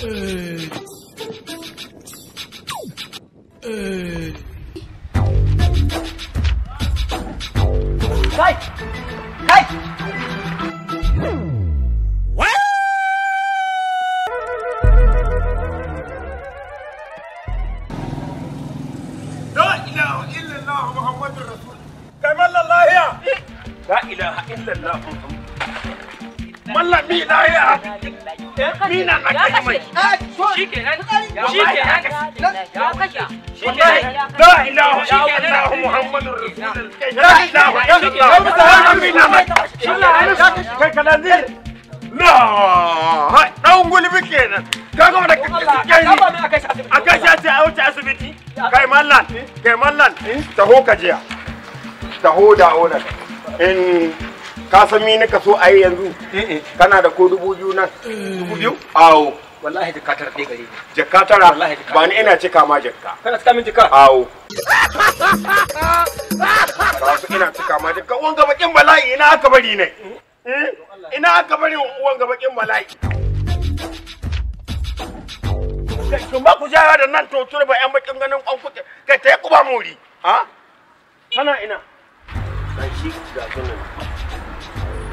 لا اله الا الله محمد رسول كمال الله يا لا اله الا الله محمد Wallah mi na yi a mi na na kai mai. Shi kenan. Shi kenan. Wallahi la ilaha illallah Muhammadur Rasulullah. La ilaha illallah. Wallahi mi na na kai kalanzir. La dan gulbi kenan. Ka ga da kake cikin a kai shi a wuce asibiti. Kai mallan, kai mallan. Taho ka jiya. Taho da onar. In ka san mi nika so a yi yanzu eh, eh. kana da ko dubu biyu nan eh. dubu biyu awo wallahi jaka tara ɗaya gare ni jakka tara ba ni ina cika ma jakka kana cika min jakka awo ba su ina cika ma jaka wanga bakin bala'i ina aka bari ne mm. ina aka bari wanga bakin bala'i kin ba ku jaya da nan to ba yan bakin ganin kwan kuke kai ta yi kuba mori ha kana ina dan shi ga sunan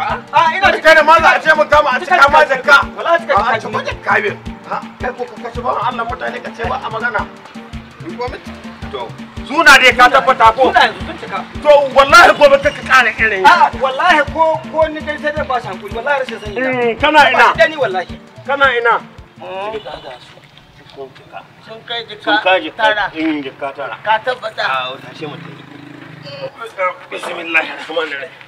a ina cika da maza a ce mun kama a cika ma zakka wala cika a cika zakka be ha ko ka kace ba Allah mutane ka ce ba a magana in gwamnati to suna dai ka tabbata ko suna yanzu sun cika to wallahi gobe ka kara irin a wallahi ko ko ni dai sai dai ba shi hankuri wallahi rashin sani eh, kana ina dani wallahi kana ina sun kai jika tara in jika tara ka tabbata a tashi mutum bismillahir rahmanir rahim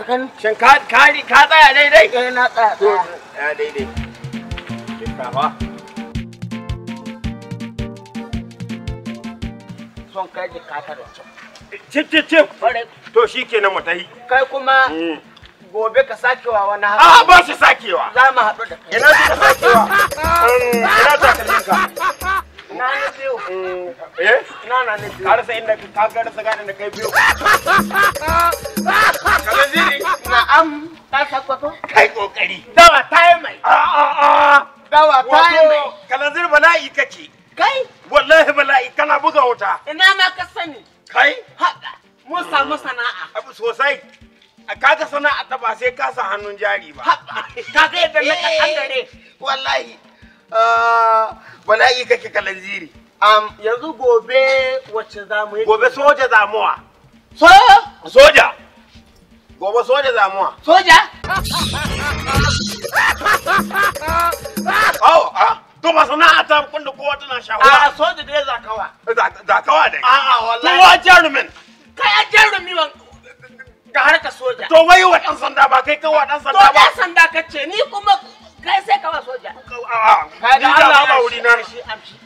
tsakanin shin ka kari ka tsaya daidai eh na tsaya tsaya daidai shinkafa son kai ji kaka da cip cip cip to shikenan mu tahi kai kuma mm. gobe ka sakewa wani haka. A ah, ba su sakewa. Za mu haɗu da kai. Ina su sakewa. Mm, ina ta kalin ka. Ina na biyu. Mm, eh? Ina na biyu. Ka rasa inda ka ga rasa kai biyu. kokari dawa ta yi mai a a a dawa ta yi mai kalanzir bala'i ce. kai wallahi bala'i kana buga wuta ina ma ka sani kai haɗa mun samu sana'a abu sosai kaga sana'a ta ba sai ka sa hannun jari ba kaga yadda na kankare eh, wallahi ah, bala'i kake kalanziri um, yanzu gobe wacce zamu yi gobe soja zamuwa so soja Gobe soja zamuwa. Soja? Oh, ah. To ba sana'a ta kunda kowa tana shawara. A soja dai zakawa. Zakawa dai. A'a wallahi. Kowa jarumin. Kai a jarumi wan ga harkar soja. To wai wa dan sanda ba kai kawa dan sanda ba. To dan sanda kace ni kuma kai sai kawa soja. a a Kai da Allah ba wuri na. Amshi amshi.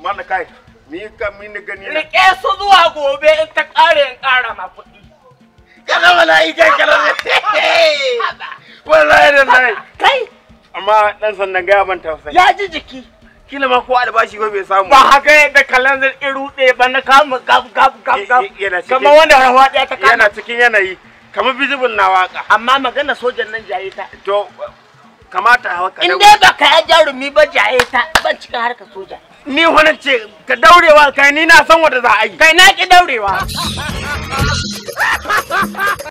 Mana kai. Ni ka mini gani na. Rike su zuwa gobe in ta kare in kara ma kuɗi. kaza wallahi kai kaza wallahi da nai kai amma dan sannan ban tausayi ya ji jiki kila ma ko albashi ba bai samu ba haka da kallon zai iru ɗaya ba na kama gab gab gab gab kama wanda rawa ɗaya ta kama yana cikin yanayi kama bizibin na waka amma magana sojan nan jaye ta to kamata haka in dai ba ka ya jarumi ba jaye ta ban cikin harkar soja ni wani ce ka daurewa kai ni na san wanda za a yi kai na ki daurewa